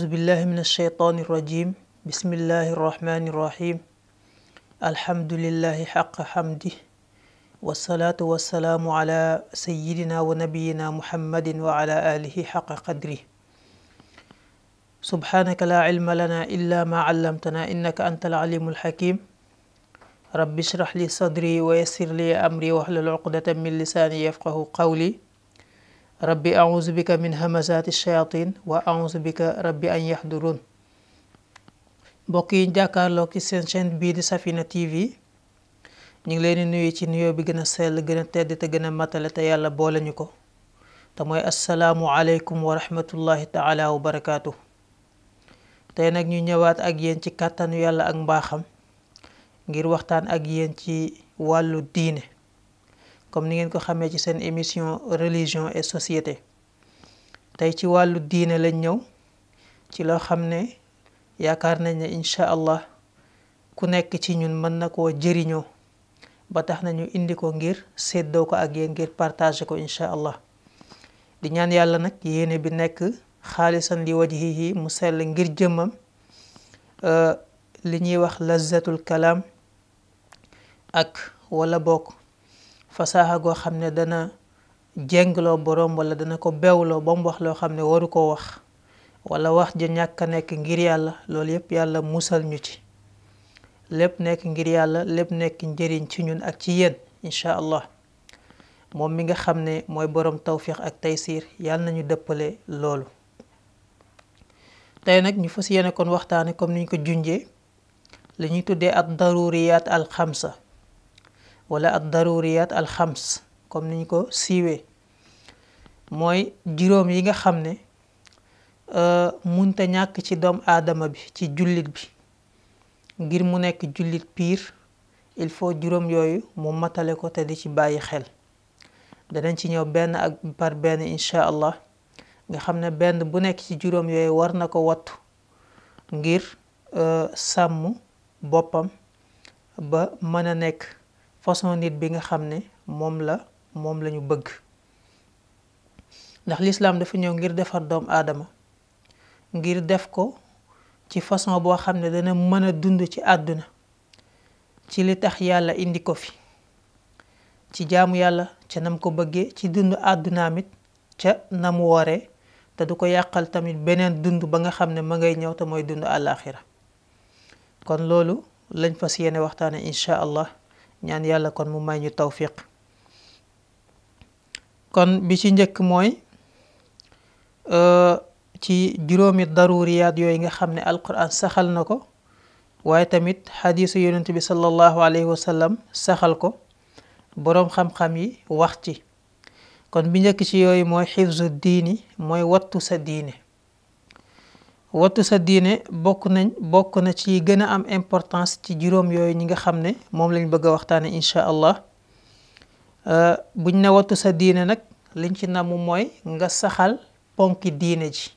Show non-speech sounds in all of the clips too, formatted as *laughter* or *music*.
أعوذ بالله من الشيطان الرجيم بسم الله الرحمن الرحيم الحمد لله حق حمده والصلاة والسلام على سيدنا ونبينا محمد وعلى آله حق قدره سبحانك لا علم لنا إلا ما علمتنا إنك أنت العليم الحكيم رب اشرح لي صدري ويسر لي أمري واحلل عقدة من لساني يفقه قولي rabbi auzu bika min hamazaati shayatin waa auzu bika rabbi an yahdurun mbokk yi jàkkaarloo ki seen chaîne bii di Safina TV ñu ngi leen di nuyu ci nuyoo bi gën a sell gën a tedd te gën a matale te yàlla boole ñu ko te mooy asalaamu aleykum wa rahmatullahi taala wa barakaatu tey nag ñu ñëwaat ak yéen ci kàttanu yàlla ak mbaaxam ngir waxtaan ak yéen ci wàllu diine comme ni ngeen ko xamee ci seen émission religion et société tey ci wàllu diine lañ ñëw ci loo xam ne yaakaar nañ ne incha allah ku nekk ci ñun mën na koo jëriñoo ba tax nañu indi ko ngir séddoo ko ak yéen ngir partager ko incha allah di ñaan yàlla nag yéene bi nekk xaalisan li wajhihi mu sell ngir jëmmam euh, li ñuy wax lazzatul kalaam ak wala bokk fasaaxa goo xam ne dana jengloo boroom wala dana ko bewloo ba mu wax loo xam ne waru koo wax wala wax ja ñàkk a nekk ngir yàlla loolu yépp yàlla musal ñu ci lépp nekk ngir yàlla lépp nekk njëriñ ci ñun ak ci yéen incha allah moom mi nga xam ne mooy boroom tawfiq ak taysiir yàlla nañu dëppale loolu tey nag ñu fas yéene kon waxtaane comme niñ ko junjee li ñuy tuddee ak daruriyaat al xamsa wala ad daruriyat al xams comme niñ ko siiwee mooy juróom yi nga xam ne euh, munta ñàkk ci doom aadama bi ci jullit bi ngir mu nekk jullit piir il faut juróom yooyu mu matale ko te di ci bàyyi xel danañ ci ñëw benn ak par benn incha allah nga xam ne benn bu nekk ci juróom yooyu war na ko wattu ngir euh, sàmm boppam ba mën a nekk façon nit bi nga xam ne moom la moom lañu bëgg ndax lislaam dafa ñëw ngir defar doomu aadama ngir def ko ci façon boo xam ne dana mën a dund ci àdduna ci li tax yàlla indi ko fi ci jaamu yàlla ca nam ko bëggee ci dund àddunaam it ca nam wooree te du ko yàqal tamit beneen dund ba nga xam ne ma ngay ñëw te mooy dund àllaaxira kon loolu lañ fas yéene waxtaane incha ñaan yàlla kon mu may ñu tawfiq kon bi ci njëkk mooy euh, ci juróomi daruriyaat yooyu nga xam ne alquran saxal na ko waaye tamit xadiisu yonent bi sallallahu alayhi wa saxal ko boroom xam-xam yi wax ci kon bi njëkk ci yooyu mooy xifzu diini mooy wattu sa diini wattu sa diine bokk nañ bokk na ci gën a am importance ci juróom yooyu ñi nga xam ne moom lañ bëgg a waxtaane incha allah euh, buñ ne wattu sa diine nag liñ ci namu mooy nga saxal ponki diine ji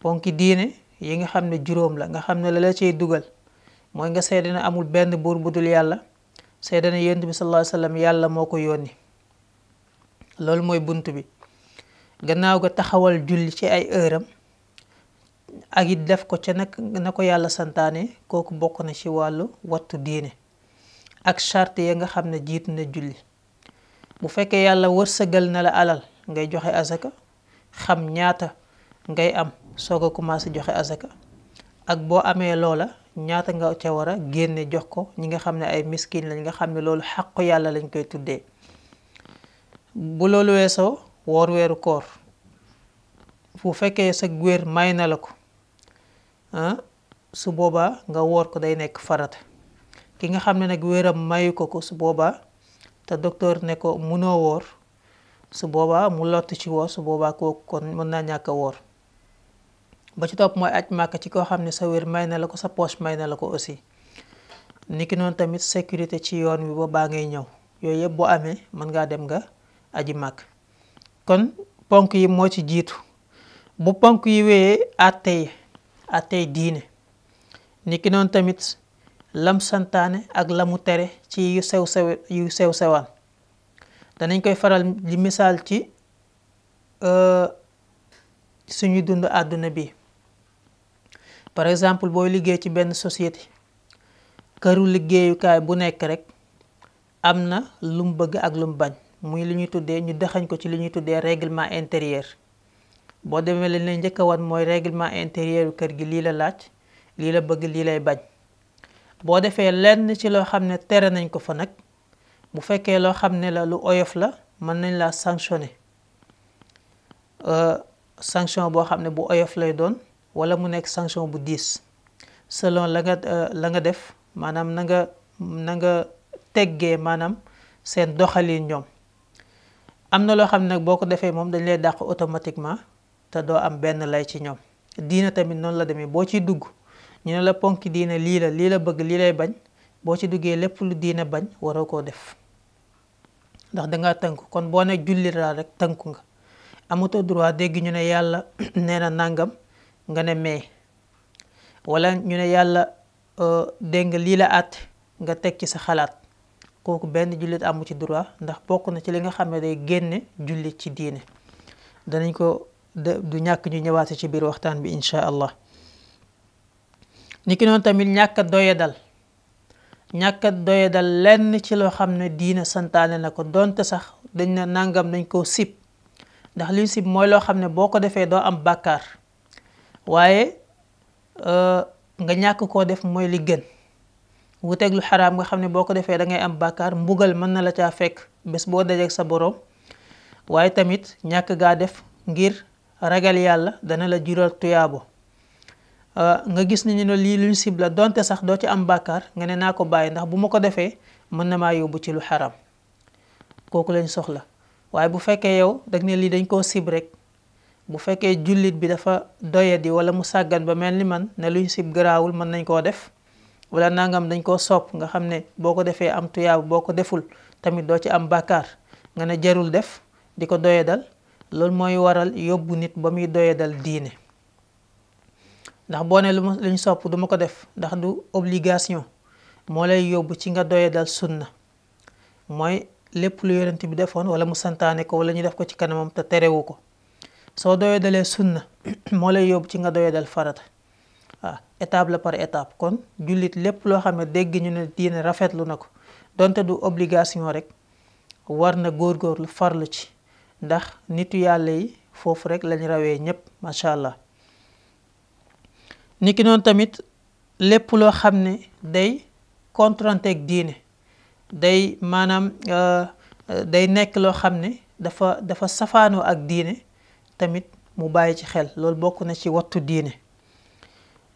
ponki diine yi nga xam ne juróom la nga xam ne la la cay dugal mooy nga seede ne amul benn buur bu dul yàlla seede ne yonent bi sallallahu alayhi yàlla moo ko yónni loolu mooy bunt bi gannaaw ga taxawal julli ci ay ëram ak it def ko ca nag na ko yàlla santaane kooku bokk na ci wàllu wattu diine ak charte ya nga xam ne jiit na julli bu fekkee yàlla war wërsëgal na la alal ngay joxe azaka xam ñaata ngay am soog a commencé joxe azaka ak boo amee loola ñaata nga ca war a génne jox ko ñi nga xam ne ay miskin lañ nga xam ne loolu xàqu yàlla lañ koy tuddee bu loolu weesoo woor weeru koor bu fekkee sa wér may na la ko Ah, su boobaa nga woor ko day nekk farata ki nga xam ne nag wéram mayu ko ko su boobaa te docteur ne ko munoo woor su boobaa mu lott ci woor su boobaa kooku kon mën naa ñàkk a woor ba ci topp mooy aj màkk ci koo xam ne sa wér may na la ko sa poche may na la ko aussi ki noonu tamit sécurité ci yoon wi ba baa ngay ñëw yooyu yëpp boo amee mën ngaa dem nga aji màkk kon ponk yi moo ci jiitu bu ponk yi wéyee àtte yi àttey diine niki noonu tamit lam santaane ak lamu tere ci yu sew sew yu sew sewaan danañ koy faral di misaal ci euh, suñu dund àdduna bi par exemple booy liggéey ci benn société këru liggéeyukaay bu nekk rek am na lu bëgg ak lu mu bañ muy li ñuy tuddee ñu dexañ ko ci li ñuy tuddee réglement intérieur boo demee lañ lay njëkk wan mooy règlement intérieur yu kër gi lii la laaj lii la bëgg lii lay bañ boo defee lenn ci loo xam ne tere nañ ko fa nag bu fekkee loo xam ne la lu oyof la mën nañ laa sanctionné euh, sanction boo xam ne bu oyof lay doon wala mu nekk sanction bu diis selon la nga euh, la nga def maanaam na nga na nga teggee maanaam seen doxalin ñoom am na loo xam ne nag boo ko defee moom dañ lay dàq automatiquement te doo am benn lay ci ñoom diina tamit noonu la demee boo ciy dugg ñu ne la ponk diine lii la lii la bëgg lii lay bañ boo ci duggee lépp lu diina bañ waroo koo def ndax danga tënku kon boo ne jullit laa rek tënku nga amatoo droit dégg ñu ne yàlla *clears throat* nee na nàngam nga ne mais wala ñu ne yàlla euh, dégg nga lii la àtt nga teg ci sa xalaat kooku benn jullit amu ci droit ndax bokk na ci li nga xam ne day génne jullit ci diine danañ ko du ñàkk ñu ñëwaate ci biir waxtaan bi incha allah niki noonu tamit ñàkk a doyadal ñàkk a doyadal lenn ci loo xam ne diina santaane na ko donte sax dañ ne nangam dañ koo sib ndax liñ sib mooy loo xam ne boo ko defee doo am bàkkaar waaye euh, nga ñàkk koo def mooy li gën wuteeg lu xaraam nga xam ne boo ko defee dangay am bàkkaar mbugal mën na la caa fekk bés boo dajeeg sa boroom waaye tamit ñàkk gaa def ngir ragal yàlla dana la jural tuyaabo euh, nga gis ne ñu ne lii luñ sib la donte sax doo ci am bàkkaar nga ne naa ko bàyyi ndax bu ma ko defee mën na maa yóbbu ci lu kooku lañ soxla waaye bu fekkee yow dag ne lii dañ koo sib rek bu fekkee jullit bi dafa doyadi wala mu sàggan ba mel ni man ne luñ sib garaawul mën nañ koo def wala nangam dañ koo sopp nga xam ne boo ko defee am tuyaabu boo ko deful tamit doo ci am bàkkaar nga ne jarul def di ko doyadal loolu mooy waral yóbbu nit ba muy doyadal diine ndax boo lu ma luñ sopp duma ko def ndax du obligation moo lay yóbbu ci nga doyadal na mooy lépp lu yonent bi defoon wala mu santaane ko wala ñu def ko ci kanamam te terewu ko soo doyadalee na *clears throat* moo lay yóbbu ci nga doyadal farata waaw étape la par étape kon jullit lépp loo xam ne dégg ñu ne diine rafetlu na ko donte du obligation rek war na lu farlu ci ndax nitu yàlla yi foofu rek lañ rawee ñépp macha allah niki noonu tamit lépp loo xam ne day kontranteeg diine day maanaam euh, euh, day nekk loo xam ne dafa dafa safaanoo ak diine tamit mu bàyyi ci xel loolu bokk na ci wattu diine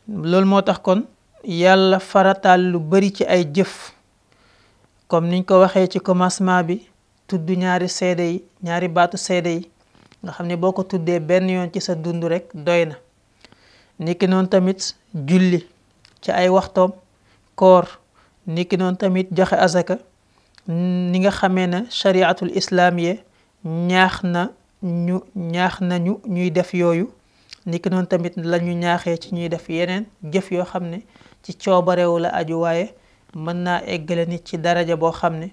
loolu moo tax kon yàlla farataal lu bari ci ay jëf comme niñ ko waxee ci commencement bi tudd ñaari seede yi ñaari baatu seede yi nga xam ne boo ko tuddee benn yoon ci sa dund rekk doy na niki tamit julli ci ay waxtoom koor niki tamit joxe azaka ni nga xamee na chariatul islaam ye ñaax na ñu ñaax nañu ñuy def yooyu niki tamit lañu ñaaxee ci ñuy def yeneen jëf yoo xam ne ci coobarewu la aju waaye mën naa eggale nit ci daraja boo xam ne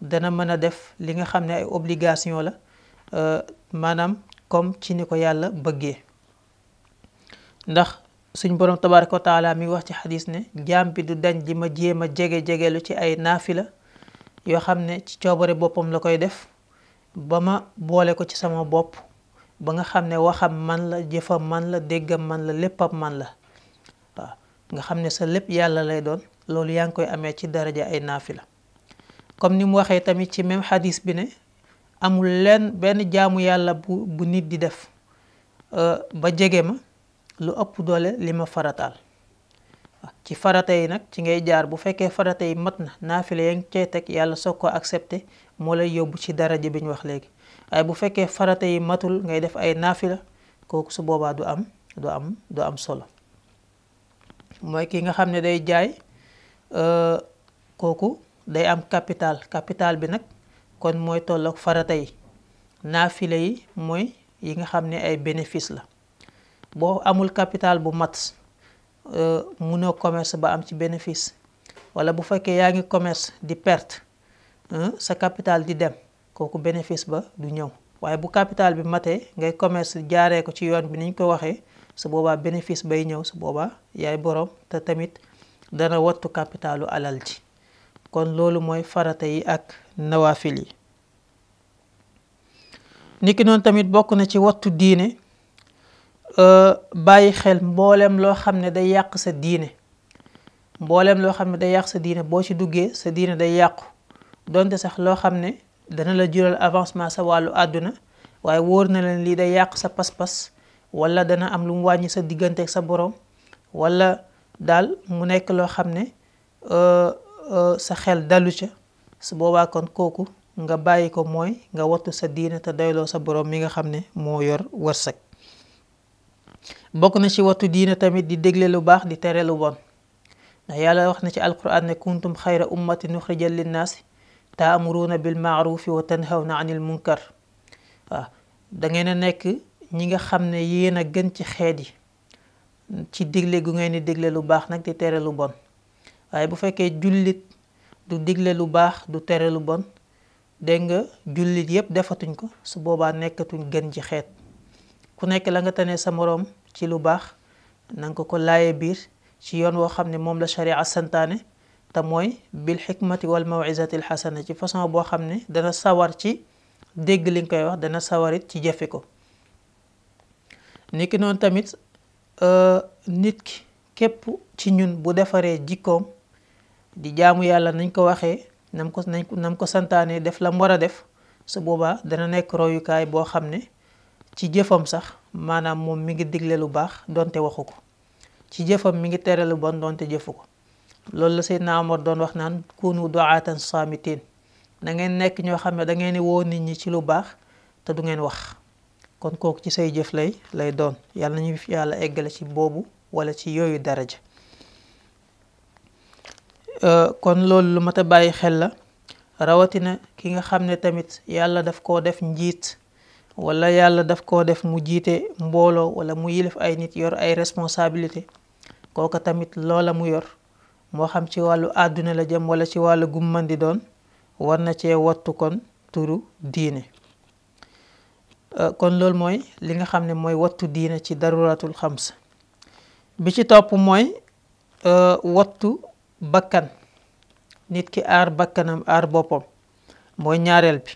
dana mën a def li nga xam ne ay obligation la euh, maanaam comme ci ni ko yàlla bëggee ndax suñ borom tabaaraka ko taalaa mi wax ci xadis ne jaam bi du dañ di ma jéem a jege jegelu ci ay naafi la yoo xam ne ci coobare boppam la koy def ba ma boole ko ci sama bopp ba nga xam ne waxam man la jëfam man la déggam man la léppam man la waaw nga xam ne sa lépp yàlla lay doon loolu yaa ngi koy amee ci daraja ay naafi la comme ni mu waxee tamit ci même xadis bi ne amul lenn benn jaamu yàlla bu bu nit di def euh, ba jege ma lu ëpp doole li ma farataal ci farata yi nag ci ngay jaar bu fekkee farata yi mat na naafila yaa ngi cay teg yàlla soog ko accepté moo lay yóbbu ci daraja bi ñu wax léegi waaye bu fekkee farata yi matul ngay def ay naafila kooku su boobaa du am du am du am solo mooy ki nga xam ne day jaay euh, kooku day am capital capital bi nag kon mooy tolloog farata yi naafile yi mooy yi nga xam ne ay bénéfice la boo amul capital bu mat euh, munoo commerce ba am ci bénéfice wala bu fekkee yaa ngi commerce di perte euh, sa capital di dem kooku bénéfice ba du ñëw waaye bu capital bi mate ngay commerce jaaree ko ci yoon bi niñ ko waxee su boobaa bénéfice bay ñëw su boobaa yaay borom te tamit dana wattu capitalu alal ji kon loolu mooy farata yi ak nawaafil yi niki noonu tamit bokk na ci wattu diine euh, bàyyi xel mbooleem loo xam ne day yàq sa diine mboolem loo xam ne day yàq sa diine boo ci duggee sa diine day yàqu donte sax loo xam ne dana la jural avancement sa wàllu àdduna waaye wóor na leen lii day yàq sa pas-pas wala dana am lu mu wàññi sa diggante ak sa boroom wala daal mu nekk loo xam ne euh, Euh, sa xel dalu ca su boobaa kon kooku nga bàyyi ko mooy nga wattu sa diina te doyloo sa boroom mi nga xam ne moo yor wërsëg bokk na ci wattu diina tamit di dégle lu baax di tere lu bon ndax yàlla wax na ci alquran ne kuntum xayra ummatin uxrijat linnaasi taamuruuna bil maarufi wa tanhawna anil munkar waaw da ngeen a nekk ñi nga xam ne yéen a gën ci xeet yi ci digle gu ngeen ni digle lu baax nag di tere lu bon waaye bu fekkee jullit du digle lu baax du tere lu bon dégg nga jullit yépp defatuñ ko su boobaa nekkatuñ gën ji xeet ku nekk la nga tane sa moroom ci lu baax nanga ko ko laaye biir ci yoon woo xam ne moom la sharia santaane te mooy bil xikmati wal mawizati al ci façon boo xam ne dana sawar ci dégg li nga koy wax dana sawarit ci jëfe ko niki noonu tamit euh, nit ki képp ci ñun bu defaree jikkoom di jaamu yàlla nañ ko waxee nam ko nañ ko nam ko santaane def la mu war a def su boobaa dana nekk royukaay boo xam ne ci jëfam sax maanaam moom mi ngi digle lu baax donte waxu ko ci jëfam mi ngi tere bon donte jëfu ko loolu la Seydina Omar doon wax naan kunu duaatan saamitiin da ngeen nekk ñoo xam ne da ngeen di woo nit ñi ci lu baax te du ngeen wax kon kooku ci say jëf lay lay doon yàlla nañu fi yàlla eggale ci boobu wala ci yooyu daraja Euh, kon lool lu mat a bàyyi xel la rawatina ki nga xam ne tamit yàlla daf koo def njiit wala yàlla daf koo def mu jiite mbooloo wala mu yilif ay nit yor ay responsabilité kooka tamit loola mu yor moo xam ci wàllu àdduna la jëm wala ci wàllu gumman di doon war na cee wattu kon turu diine euh, kon loolu mooy li nga xam ne mooy wattu diine ci daruratul xams bi ci topp mooy euh, wattu bakkan nit ki aar bakkanam aar boppam mooy ñaareel bi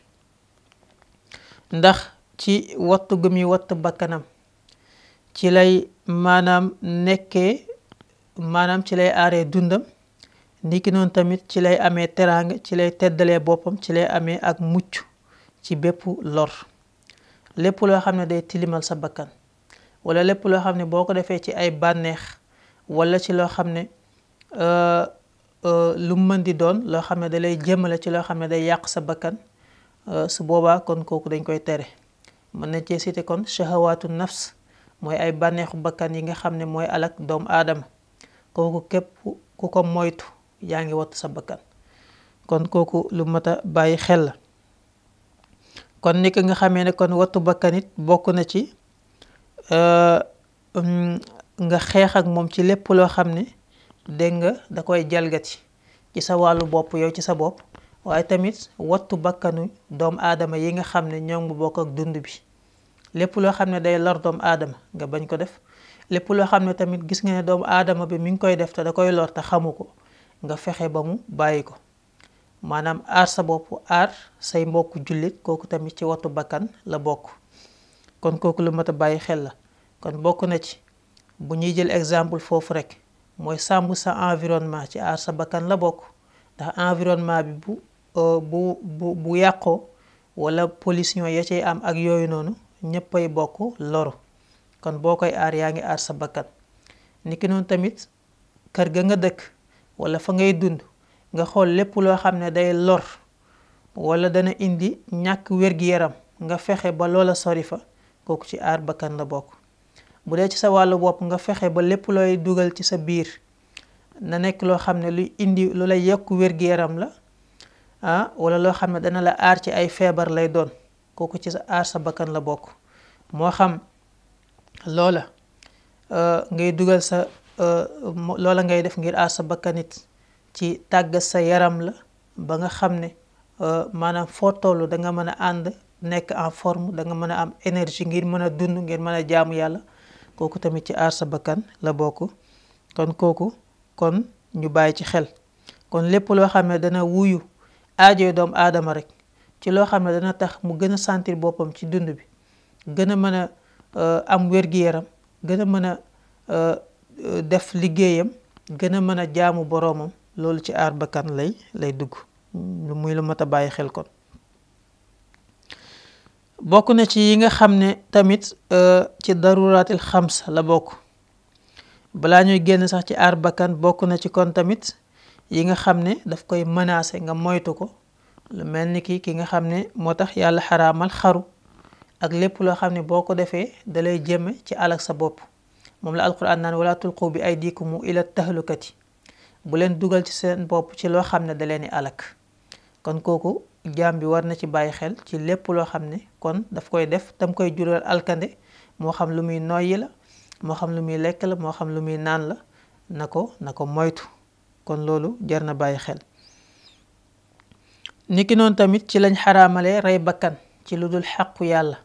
ndax ci wattu gu muy wattu bakkanam ci lay maanaam nekkee maanaam ci lay aaree dundam niki noonu tamit ci lay amee teraanga ci lay teddalee boppam ci lay amee ak mucc ci bépp lor lépp loo xam ne day tilimal sa bakkan walla lépp loo xam ne boo ko defee ci ay bànneex walla ci loo xam ne Euh, euh, lu mu mën di doon loo xam ne da lay jëmale ci loo xam ne day yàq sa bakkan euh, su boobaa kon kooku dañ koy tere mën nañ cee cité kon shahawaatu nafs mooy ay bànneexu bakkan yi nga xam ne mooy alak doomu aadama kooku képp ku ko moytu yaa ngi wattu sa bakkan kon kooku lu mat a bàyyi xel la kon ni nga xamee ne kon wattu bakkan it bokk na ci mm, nga xeex ak moom ci lépp loo xam ne dégg nga da koy jalgati ci sa wàllu bopp yow ci sa bopp waaye tamit wattu bakkanu doomu aadama yi nga xam ne ñoom mu bokk ak dund bi lépp loo xam ne day lor doomu aadama nga bañ ko def lépp loo xam ne tamit gis nga ne doomu aadama bi mi ngi koy def te da koy lor te xamu ko nga fexe ba mu bàyyi ko maanaam aar sa bopp aar say mbokk jullit kooku tamit ci wattu bakkan la bokk kon kooku lu mat a bàyyi xel la kon bokk na ci bu ñuy jël exemple foofu rek mooy sàmb sa environnement ci aar sa bakkan la bokk ndax environnement bi bu euh, bu bu bu yàqoo wala pollution ya cay am ak yooyu noonu ñëppay bokk loru kon boo koy aar yaa ngi aar sa bakkan niki noonu tamit kër ga nga dëkk wala fa ngay dund nga xool lépp loo xam ne day lor wala dana indi ñàkk wér-gi-yaram nga fexe ba loola sori fa kooku ci aar bakkan la bokk bu dee ci sa wàllu bopp nga fexe ba lépp looy dugal ci sa biir na nekk loo xam ne lu indi lu la yokk wér-gu-yaram la ah wala loo xam ne dana la aar ci ay feebar lay doon kooku ci sa aar sa bakkan la bokk moo xam loola euh, ngay dugal sa euh, loola ngay def ngir aar sa bakkanit ci tàggat sa yaram la ba nga xam ne euh, maanaam foo toll da nga mën a ànd nekk en forme danga mën a am énergie ngir mën a dund ngir mën a jaamu yàlla kooku tamit ci aar sa bakkan la bokk kon kooku kon ñu bàyyi ci xel kon lépp loo xam ne dana wuyu aajo doom aadama rek ci loo xam ne dana tax mu gën a sentir boppam ci dund bi gën a mën a euh, am wér-gi-yaram gën a mën a euh, def liggéeyam gën a mën a jaamu boroomam loolu ci aar bakkan lay lay dugg muy lu mat a bàyyi xel kon bokk na ci yi nga xam ne tamit euh, ci daruraatil xamsa la bokk balaa ñuy génn sax ci aar bakkan bokk na ci kon tamit yi nga xam ne daf koy menacer nga moytu ko lu mel ni ki ki nga xam ne moo tax yàlla xaraamal xaru ak lépp loo xam ne boo ko defee dalay jëmme ci alak sa bopp moom la alquran naan wala tulqu bi ay diikumu ila tahlukati bu leen dugal ci seen bopp ci loo xam ne da leen di kon kooku jaam bi war na ci bàyyi xel ci lépp loo xam ne kon daf koy def tam koy jural alkande moo xam lu muy noyyi la moo xam lu muy lekk la moo xam lu muy naan la na ko na ko moytu kon loolu jar na bàyyi xel ni ki noonu tamit ci lañ xaraamale rey bakkan ci lu dul xàqu yàlla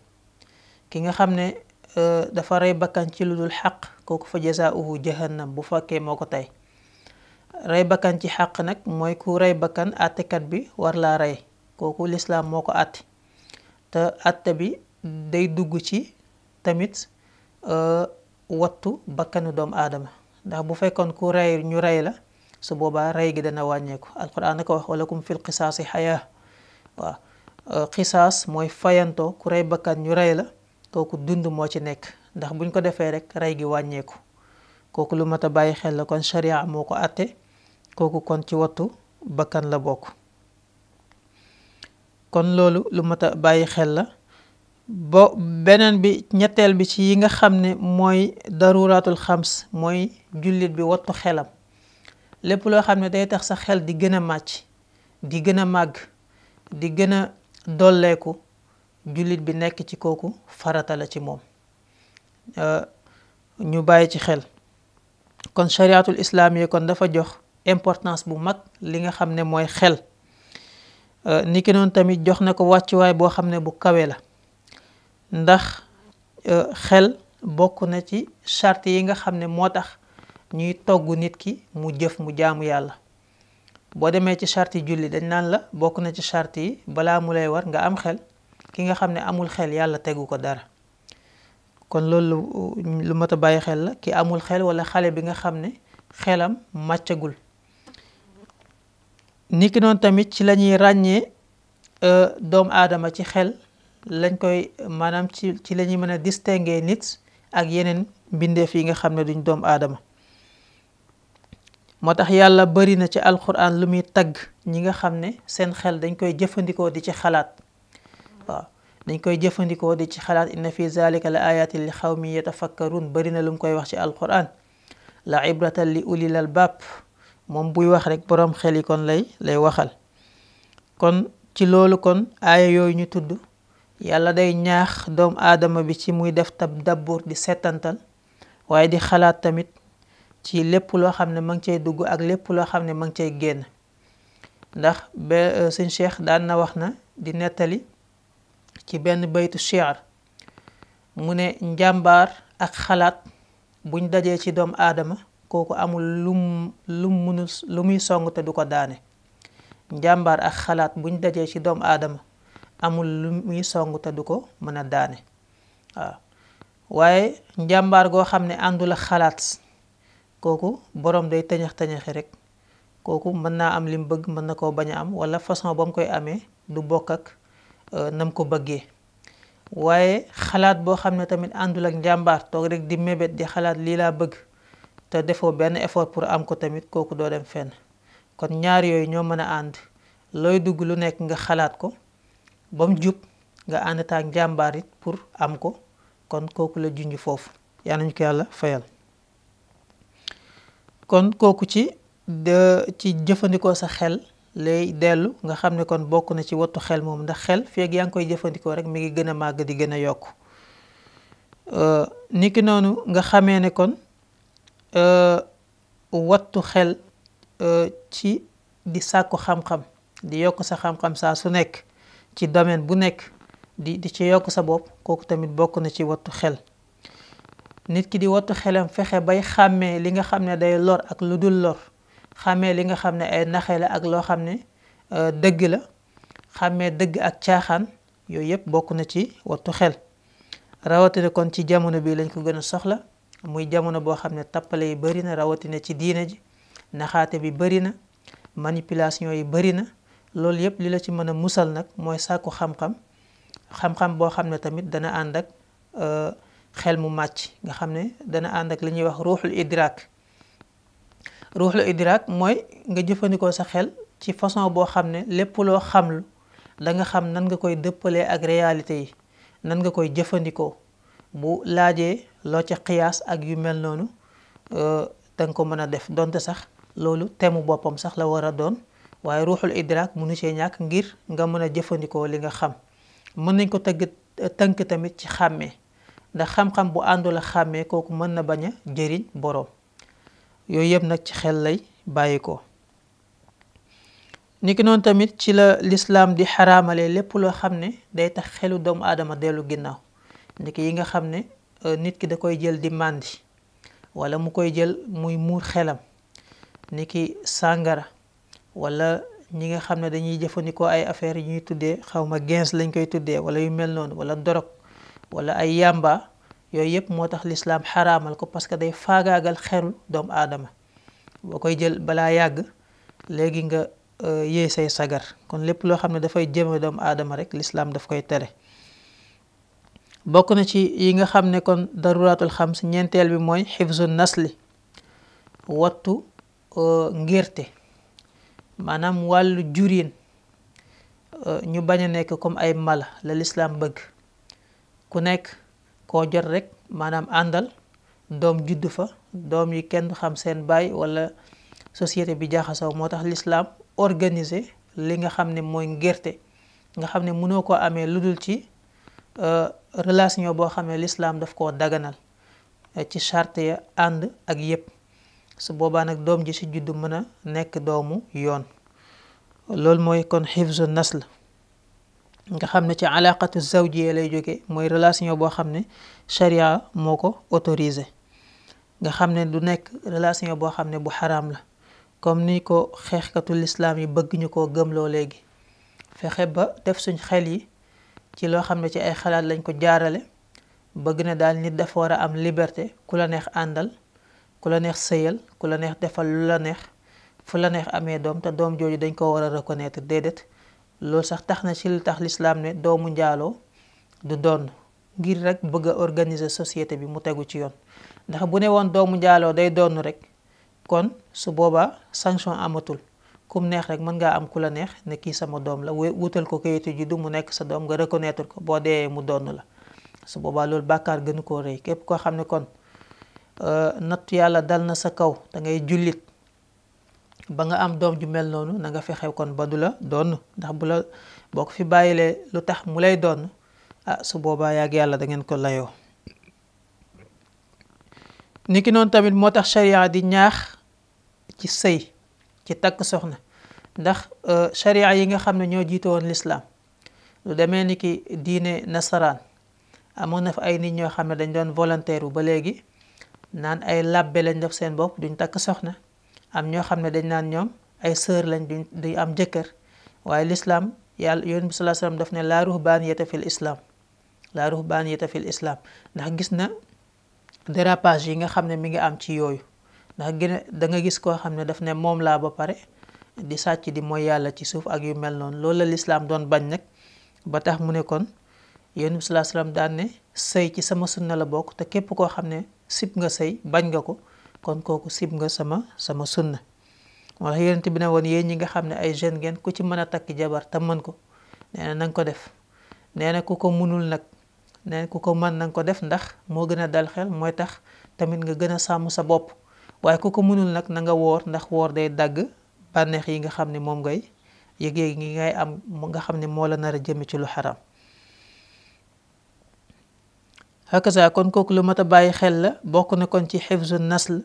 ki nga xam ne euh, dafa rey bakkan ci lu dul xàq kooku fa jazaauhu jahannam bu fekkee moo ko tey rey bakkan ci xàq nag mooy ku rey bakkan atekat bi war laa rey kooku lislaam moo ko àtte te àtte bi day dugg ci tamit euh, wattu bakkanu doomu aadama ndax bu fekkoon ku rey ñu rey la su boobaa rey gi dana wàññeeku alquran ko wax wala kum fil qisaasi xayaa waaw euh, qisaas mooy fayantoo ku rey bakkan ñu rey la kooku dund moo ci nekk ndax buñ ko defee rek rey gi wàññeeku kooku lu mat a bàyyi xel la kon sharia moo ko àtte kooku kon ci wattu bakkan la bokk kon loolu lu mat a bàyyi xel la bo beneen bi ñetteel bi ci yi nga xam ne mooy daruraatul xams mooy jullit bi wattu xelam lépp loo xam ne day tax sa xel di gën a màcc di gën a màgg di gën a dolleeku jullit bi nekk ci kooku farata la ci moom ñu bàyyi ci xel kon chariatul islaam yi kon dafa jox importance bu mag li nga xam ne mooy xel Euh, ki noonu tamit jox na ko wàccuwaay boo xam ne bu kawe la ndax euh, xel bokk na ci charte yi nga xam ne moo tax ñuy togg nit ki mu jëf mu jaamu yàlla boo demee ci charte yi julli dañ naan la bokk na ci charte yi balaa mu lay war nga am xel ki nga xam ne amul xel yàlla tegu ko dara kon loolu lu mat a bàyyi xel la ki amul xel wala xale bi nga xam ne xelam màccagul niki noonu tamit ci lañuy ràññee euh, doomu aadama ci xel lañ koy maanaam ci ci la ñuy mën a distinguer nit ak yeneen mbindeef yi nga xam ne duñ doomu aadama moo tax yàlla bari na ci alxuraan lu muy tagg ñi nga xam ne seen xel dañ koy jëfandikoo di ci xalaat waaw dañ koy jëfandikoo di ci xalaat inna fi zalika la ayatin li xawmi yatafakkarun bari na lu mu koy wax ci alxuraan la ibratan li ulil bàpp moom buy wax rek boroom xel yi kon lay lay waxal kon ci loolu kon aaya yooyu ñu tudd yàlla day ñaax doom aadama bi ci muy def tab dabbur di setantal waaye di xalaat tamit ci lépp loo xam ne ma ngi cay dugg ak lépp loo xam ne ma ngi cay génn ndax ba euh, suñ na wax na di nettali ci benn baytu shiar mu ne njàmbaar ak xalaat buñ dajee ci doom aadama kooku amul lum lum munul lu muy song te du ko daane njàmbaar ak xalaat buñ dajee ci doom aadama amul lu muy song te du ko mën a daane waaw waaye njàmbaar goo xam ne àndul ak xalaat kooku borom day tëñëx tëñëxi rek kooku mën naa am li mu bëgg mën na koo bañ a am wala façon ba mu koy amee du bokk ak euh, nam ko bëggee waaye xalaat boo xam ne tamit àndul ak njàmbaar toog rek di mébét di xalaat lii laa bëgg te defoo benn effort pour am ko tamit kooku doo dem fenn kon ñaar yooyu ñoo mën a ànd looy dugg lu nekk nga xalaat ko bam mu jub nga ànd taak njàmbaar it pour am ko kon kooku la junj foofu yal nañu ko yàlla fayal kon kooku ci de ci jëfandikoo sa xel lay dellu nga xam ne kon bokk na ci wattu xel moom ndax xel feeg yaa ngi koy jëfandikoo rek mu ngi gën a màgg di gën a yokk niki noonu nga xamee ne kon Euh, wattu xel euh, ci di sàkku xam-xam di yokk sa xam-xam saa su nekk ci domaine bu nekk di di ci yokk sa bopp kooku tamit bokk na ci wattu xel nit ki di wattu xelam fexe bay xàmmee li nga xam ne day lor ak lu dul lor xàmmee li nga xam ne ay naxe la ak loo xam ne euh, dëgg la xàmmee dëgg ak caaxaan yooyu yëpp bokk na ci wattu xel rawatina kon ci jamono bii lañ ko gën a soxla muy jamono boo xam ne tappale yi bari na rawatina ci diina ji naxaate bi bëri na manipulation yi bëri na loolu yëpp li la ci mën a musal nag mooy sàkku xam-xam xam-xam boo xam ne tamit dana ànd ak euh, xel mu màcc nga xam ne dana ànd ak li ñuy wax ruuxul idrak ruuxul idrak mooy nga jëfandikoo sa xel ci façon boo xam ne lépp loo xam da nga xam nan nga koy dëppalee ak réalité yi nan nga koy jëfandikoo bu laajee loo ci xiyaas ak yu mel noonu euh, danga ko mën a def donte sax loolu temu boppam sax la war a doon waaye ruuxul idraak mënu see ñàkk ngir nga mën a jëfandikoo li nga xam mën nañ ko tëgg tënk tamit ci xàmmee ndax xam bu àndul a xàmmee kooku mën na bañ a jëriñ boroom yooyu yëpp nag ci xel lay bàyyi ko niki noonu tamit ci la lislaam di xaraamale lépp loo xam ne day tax xelu doomu aadama dellu ginnaaw ndiki yi nga xam ne euh, nit ki da koy jël di màndi wala mu koy jël muy muur xelam ki sàngara wala ñi nga xam ne dañuy jëfandikoo ay affaires yu ñuy tuddee xaw ma gens lañ koy tuddee wala yu mel noonu wala dorog wala ay yàmba yooyu yëpp moo tax lislaam xaraamal ko parce que day faagaagal xelu doomu aadama boo koy jël balaa yàgg léegi nga euh, yéey say sagar kon lépp loo xam ne dafay jëme doomu aadama rek lislaam daf koy tere bokk na ci yi nga xam ne kon daruraatul xams ñeenteel bi mooy xifzu nasli wattu euh, ngerte maanaam wàllu juriin euh, ñu bañ a nekk comme ay mala la lislaam bëgg ku nekk koo jot rek maanaam àndal doom juddu fa doom yi kenn xam seen baay wala société bi jaaxasoo moo tax lislaam organisé li nga xam ne mooy ngerte nga xam ne munoo ko amee lu dul ci Euh, relation boo xam ne lislaam daf ko daganal euh, ci charte ya ànd ak yëpp su boobaa nag doom ji ci juddu mën a nekk doomu yoon loolu mooy kon nas la nga xam ne ci alaqatu zawjiya lay jóge mooy relation boo xam ne sharia moo ko autorisé nga xam ne du nekk relation boo xam ne bu xaraam la comme ni ko xeexkatu lislaam yi bëgg ñu gëm loo léegi fexe ba def suñ xel yi ci loo xam ne ci ay xalaat lañ ko jaarale bëgg na daal nit dafa war a am liberté ku la neex àndal ku la neex sëyal ku la neex defal lu la neex fu la neex amee doom te doom jooju dañ ko war a reconnaître déedéet loolu sax tax na ci li tax lislaam ne doomu njaaloo du doon ngir rek bëgg a organiser société bi mu tegu ci yoon ndax bu ne woon doomu njaaloo day doon rek kon su boobaa sanction amatul kum neex rek mën ngaa am ku la neex ne kii sama doom la wutal ko kayitu juddu mu nekk sa doom nga reconnaître ko boo dee mu donn la su boobaa loolu bàkkaar gënu koo rëy képp koo xam ne kon euh, nattu yàlla dal na sa kaw dangay ngay jullit ba nga am doom ju mel noonu nanga nga fexe kon ba du la doon ndax bu la boo ko fi bàyyilee lu tax mu lay donn ah su boobaa yàgg yàlla da ngeen ko layoo. ki noonu tamit moo tax charia di ñaax ci sëy ci takk soxna ndax euh, sharia yi nga xam ne ñoo jiite woon lislaam lu demee ni ki diine nasaraan amoon na fa ay nit ñoo xam ne dañ doon volontaire wu ba léegi naan ay labbe lañ def seen bopp duñ takk soxna am ñoo xam ne dañ naan ñoom ay sœur lañ duñ duñ am jëkkër waaye lislaam yàlla yoon bi salaa salaam daf ne laa ruhbaaniyata fil islaam laa ruhbaaniyata fil islaam ndax gis na dérapage yi nga xam ne mi ngi am ci yooyu ndax gën da nga gis koo xam ne daf ne moom laa ba pare di sàcc di mooy yàlla ci suuf ak yu mel noonu loolu la lislaam doon bañ nag ba tax mu ne kon yonent bi salaam daan ne sëy ci sama sunna la bokk te képp koo xam ne sib nga sëy bañ nga ko kon kooku sib nga sama sama sunna moo tax yonent bi ne woon yéen ñi nga xam ne ay jeune ngeen ku ci mën a takk jabar te mën ko nee na ko def nee na ku ko mënul nag nee ku ko mën nanga ko def ndax moo gën a dal xel mooy tax tamit nga gën a sàmm sa bopp waaye ku ko mënul nag nanga woor ndax woor day dagg bànneex yi nga xam ne moom ngay yëg-yëg ngi ngay am nga xam ne moo la nar a jëme ci lu xaram hakaza kon kooku lu mat a bàyyi xel la bokk na kon ci xifzu nasl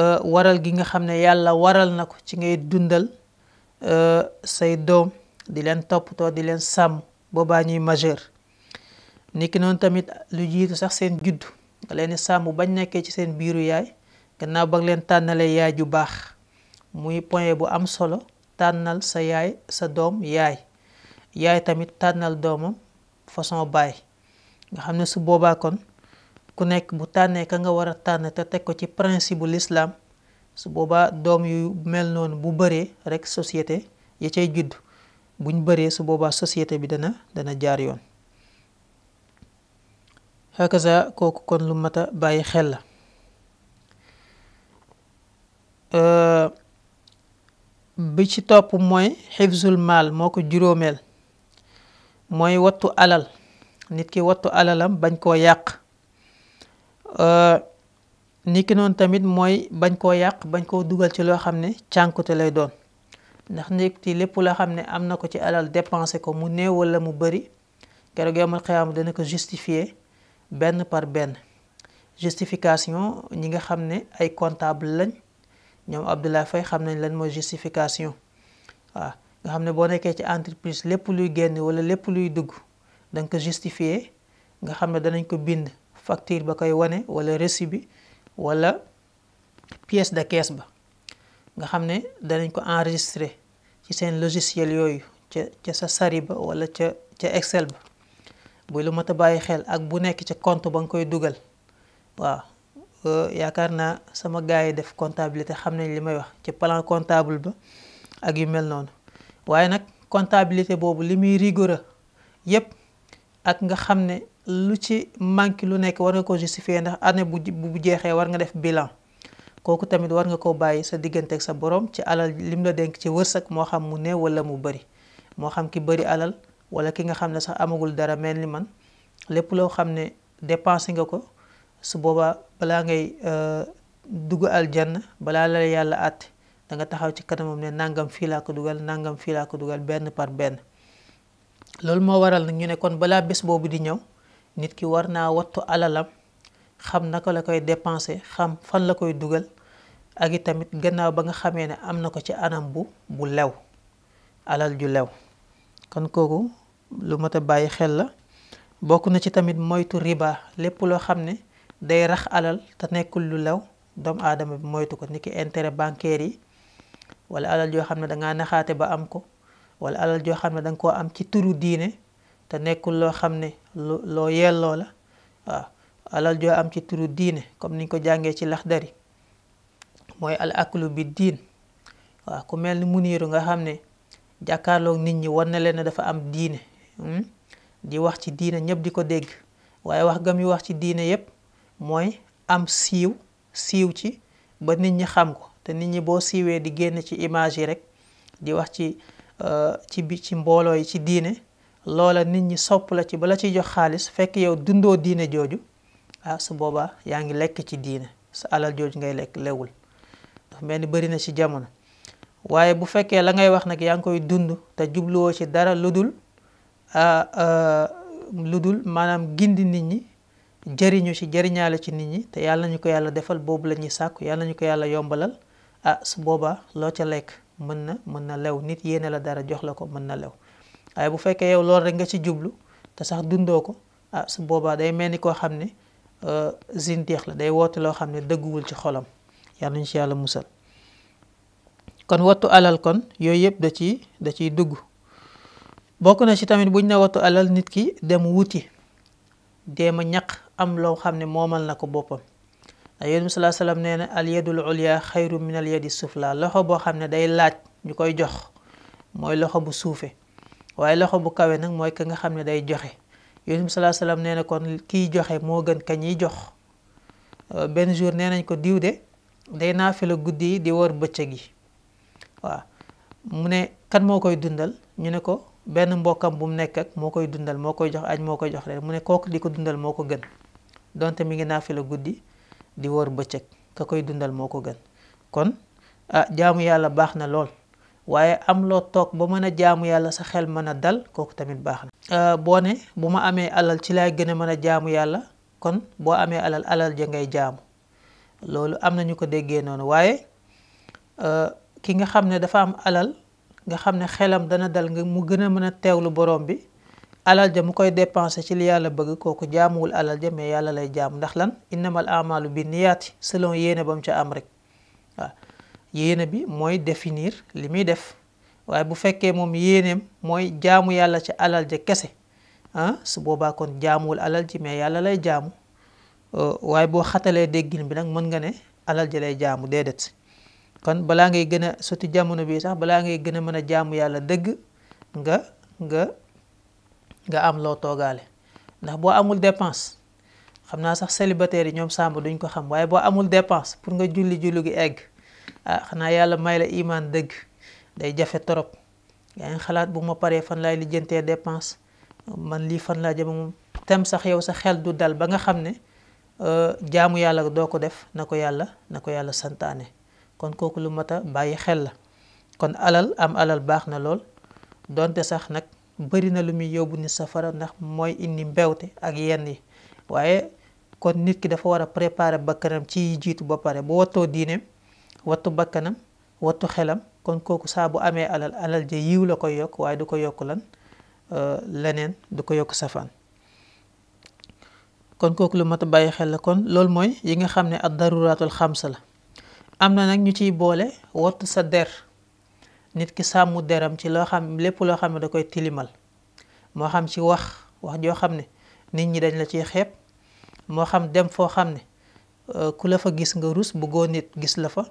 euh, waral gi nga xam ne yàlla waral na ko ci ngay dundal euh, say doom di leen toppatoo di leen sàmm boobaa ñuy majeur niki noonu tamit lu jiitu sax seen juddu nga leen sàmm bañ nekkee ci seen biiru yaay gannaaw ba leen tànnalee yaay ju baax muy point bu am solo tànnal sa yaay sa doom yaay yaay tamit tànnal doomam façon baay nga xam ne su boobaa kon ku nekk bu tànnee ka nga war a tànn te teg ko ci principe bu lislaam su boobaa doom yu mel noonu bu bëree rek société ya cay juddu buñ bëree su boobaa société bi dana dana jaar yoon hakaza kooku kon lu mat a bàyyi xel la Euh, bi ci topp mooy xifzul maal moo ko juróomeel mooy wattu alal nit ki wattu alalam bañ koo yàq euh, nit ki noonu tamit mooy bañ koo yàq bañ koo dugal ci loo xam ne cànkute lay doon ndax nit ki lépp loo xam ne am na ko ci alal dépensé ko mu néew wala mu bëri keroog yomal am dana ko justifier benn par benn justification ñi nga xam ne ay comptable lañ ñoom Abdoulaye Faye xam nañ lan mooy justification waaw nga xam ne boo nekkee ci entreprise lépp luy génne wala lépp luy dugg da ko justifier nga xam ne danañ ko bind facture ba koy wane wala reçu bi wala pièce de kees ba nga xam ne danañ ko enregistrer ci seen logiciel yooyu ca ca sa sari ba wala ca ca Excel ba buy lu mat a bàyyi xel ak bu nekk ca compte ba nga koy dugal waa yaakaar naa sama gars yi def comptabilité xam nañ li may wax ci plan comptable ba ak yu mel noonu waaye nag comptabilité boobu li muy rigoureux yépp ak nga xam ne lu ci manqué lu nekk war nga ko justifier ndax année bu bu jeexee war nga def bilan kooku tamit war nga ko bàyyi sa diggante ak sa borom ci alal mu la denk ci wërsëg moo xam mu néew wala mu bëri moo xam ki bëri alal wala ki nga xam ne sax amagul dara mel ni man lépp loo xam ne dépensé nga ko su boobaa balaa ngay euh, dugg aljanna balaa la yàlla àtte danga taxaw ci kanamam ne nangam fii laa ko dugal nangam fii laa ko dugal benn par benn loolu moo waral nag ñu ne kon balaa bés boobu di ñëw nit ki war naa wattu alalam xam naka la koy dépenser xam fan la koy dugal ak i tamit gannaaw ba nga xamee ne am na ko ci anam bu bu lew alal ju lew kon kooku lu mat a bàyyi xel la bokk na ci tamit moytu riba lépp loo xam ne day rax alal te nekkul lu law doomu aadama bi moytu ko niki intérêt bancaire yi wala alal joo xam ne dangaa naxaate ba am ko wala alal joo xam ne danga koo am ci turu diine te nekkul loo xam ne loo yelloo la waaw alal joo am ci turu diine comme niñ ko jàngee ci lax laxdari mooy al aklu bi diin waa ku mel ni muniiru nga xam ne jàkkaarloog nit ñi war na leen dafa am diine hmm? di wax ci diine ñëpp di ko dégg waaye wax gam yu wax ci diine yépp mooy am siiw siiw ci ba nit ñi xam ko te nit ñi boo siiwee di génn ci image yi rek di wax ci euh, ci bi ci mbooloo yi ci diine loola nit ñi sopp la ci bala ciy jox xaalis fekk yow dundoo diine jooju ah su boobaa yaa ngi lekk ci diine sa alal jooju ngay lekk lewul dafa mel ni bëri na ci jamono waaye bu fekkee la ngay wax nag yaa ngi koy dund te jubluwoo ci dara lu dul ah, euh, lu dul maanaam gindi nit ñi jëriñu ci jëriñaale ci nit ñi te yàlla ñu ko yàlla defal boobu la ñuy sàkku yàlla ñu ko yàlla yombalal ah su boobaa loo ca lekk mën na mën na lew nit yéene la dara jox la ko mën na lew waaye bu fekkee yow loolu rek nga ci jublu te sax dundoo ko ah su boobaa day mel ni koo xam ne euh, zindiix la day woote loo xam ne dëgguwul ci xolam yàlla ñu ci yàlla musal kon wattu alal kon yooyu yëpp da ciy da ciy dugg bokk na ci tamit buñ ne wattu alal nit ki dem wuti dem a ñaq am loo xam ne moomal na ko boppam ndax yonent bi salaam nee na al yadul ulya xayru min al yadi sufla loxo boo xam ne day laaj ñu koy jox mooy loxo bu suufe waaye loxo bu kawe nag mooy ka nga xam ne day joxe yonent bi salaa nee na kon kiy joxe moo gën ka ñiy jox euh, benn jour nañ ko diw de day naafila guddi di wor bëccëg yi waaw mu ne kan moo koy dundal ñu ne ko benn mbokkam bu mu nekk ak moo koy dundal moo koy jox añ moo koy jox reer mu ne kook di ko dundal moo ko gën donte mi ngi naa naafila guddi di wóor bëccëg ka koy dundal moo ko gën kon ah jaamu yàlla baax na lool waaye am loo toog ba mën a jaamu yàlla sa xel mën a dal kooku tamit baax na. Ah, boo ne bu ma amee alal ci laay gën a mën a jaamu yàlla kon boo amee alal alal ja ngay jaamu loolu am na ñu ko déggee noonu waaye ah, ki nga xam ne dafa am alal nga xam ne xelam dana dal nga mu gën a mën a teewlu borom bi. alal ja mu koy dépensé ci li yàlla bëgg kooku jaamuwul alal ja mais yàlla lay jaam ndax lan innamal amalu bi niyaati selon yéene ba mu ca am rek waaw bi mooy définir li muy def waaye bu fekkee moom yéeneem mooy jaamu yàlla ca alal ja kese ah su boobaa kon jaamuwul alal ji mais yàlla lay jaamu waaye boo xatalee déggin bi nag mën nga ne alal ji lay jaamu déedéet kon balaa ngay gën a surtout jamono bii sax balaa ngay gën a mën a jaamu yàlla dëgg nga nga nga am loo toogaale ndax boo amul dépense xam naa sax célibataire yi ñoom sàmb duñ ko xam waaye boo amul dépense pour nga julli julli gi egg ah xanaa yàlla may la imaan dëgg day jafe torop yaa xalaat bu ma paree fan laay lijjantee dépense man lii fan laa jëm moom tem sax yow sa xel du dal ba nga xam ne euh, jaamu yàlla doo ko def na ko yàlla na ko yàlla santaane kon kooku lu mat a bàyyi xel la kon alal am alal baax na lool donte sax nag bëri na lu muy yóbbu ni safara ndax mooy indi mbewte ak yenn yi waaye kon nit ki dafa war a préparer bakkanam ci jiitu ba pare bu wattoo diineem wattu bakkanam wattu xelam kon kooku saa bu amee alal alal yiw la koy yokk waaye du ko yokk lan euh, leneen du ko yokk safaan kon kooku lu mat bàyyi xel la kon loolu mooy yi nga xam ne ad daruraatul xamsa la am na nag ñu ciy boole wattu sa der nit ki sàmm deram ci loo xam lépp loo xam ne da koy tilimal moo xam ci wax wax joo xam ne nit ñi dañ la ciy xepp moo xam dem foo xam ne euh, ku la fa gis nga rus bëggoo nit gis la fa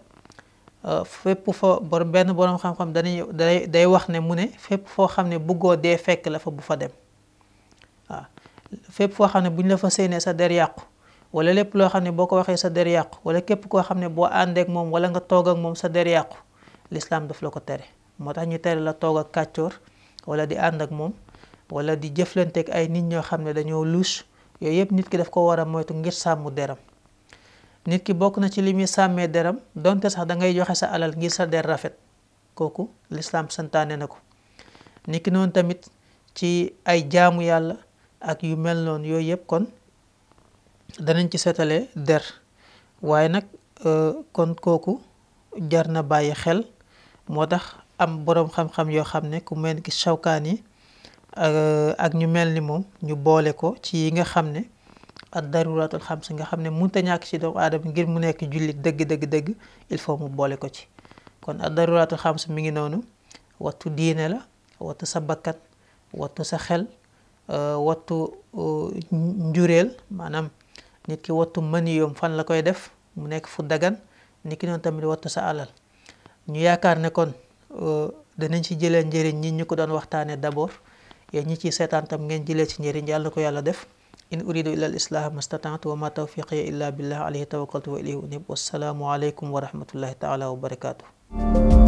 euh, fépp foo borom benn borom xam-xam day day wax ne mu ne fépp foo xam ne bëggoo dee fekk la fa bu fa dem waaw fépp foo xam ne buñ la fa séenee sa der yàqu wala lépp loo xam ne boo ko waxee sa der yàqu wala képp koo xam ne boo àndeek moom wala nga toog ak moom sa der yàqu lislaam daf la ko tere moo tax ñu tere la toog ak kàccoor wala di ànd ak moom wala di jëflanteek ay nit ñoo xam ne dañoo louche yooyu yëpp nit ki daf ko war a moytu ngir sàmm deram nit ki bokk na ci li muy sàmmee deram donte sax da ngay joxe sa alal ngir sa der rafet kooku lislaam santaane na ko nit ki noonu tamit ci ay jaamu yàlla ak yu mel noonu yooyu yëpp kon danañ ci seetale der waaye nag euh, kon kooku jar na bàyyi xel moo tax am boroom xam-xam yoo xam ne ku mel ki Shawkaan yi euh, ak ñu mel ni moom ñu boole ko ci yi nga xam ne ak daruratul xam si nga xam ne mun a ñàkk ci doomu aadama ngir mu nekk jullit dëgg dëgg dëgg il faut mu boole ko ci kon ak daruratul xam si mu ngi noonu wattu diine la wattu sa bakkat wattu sa xel euh, wattu euh, njureel maanaam nit ki wattu mën yoom fan la koy def mu nekk fu dagan nit ki noonu tamit wattu sa alal ñu yaakaar ne kon euh, danañ ci jëlee njëriñ ñi ñu ko doon waxtaanee d'abord yéen ñi ciy seetaan tam ngeen jëlee ci njëriñ yàlla na ko yàlla def in uridu illa al islah mastata'tu wa ma tawfiqi illa billah alayhi tawakkaltu wa ilayhi unib wassalaamu alaykum wa rahmatullahi taala wa barakatuh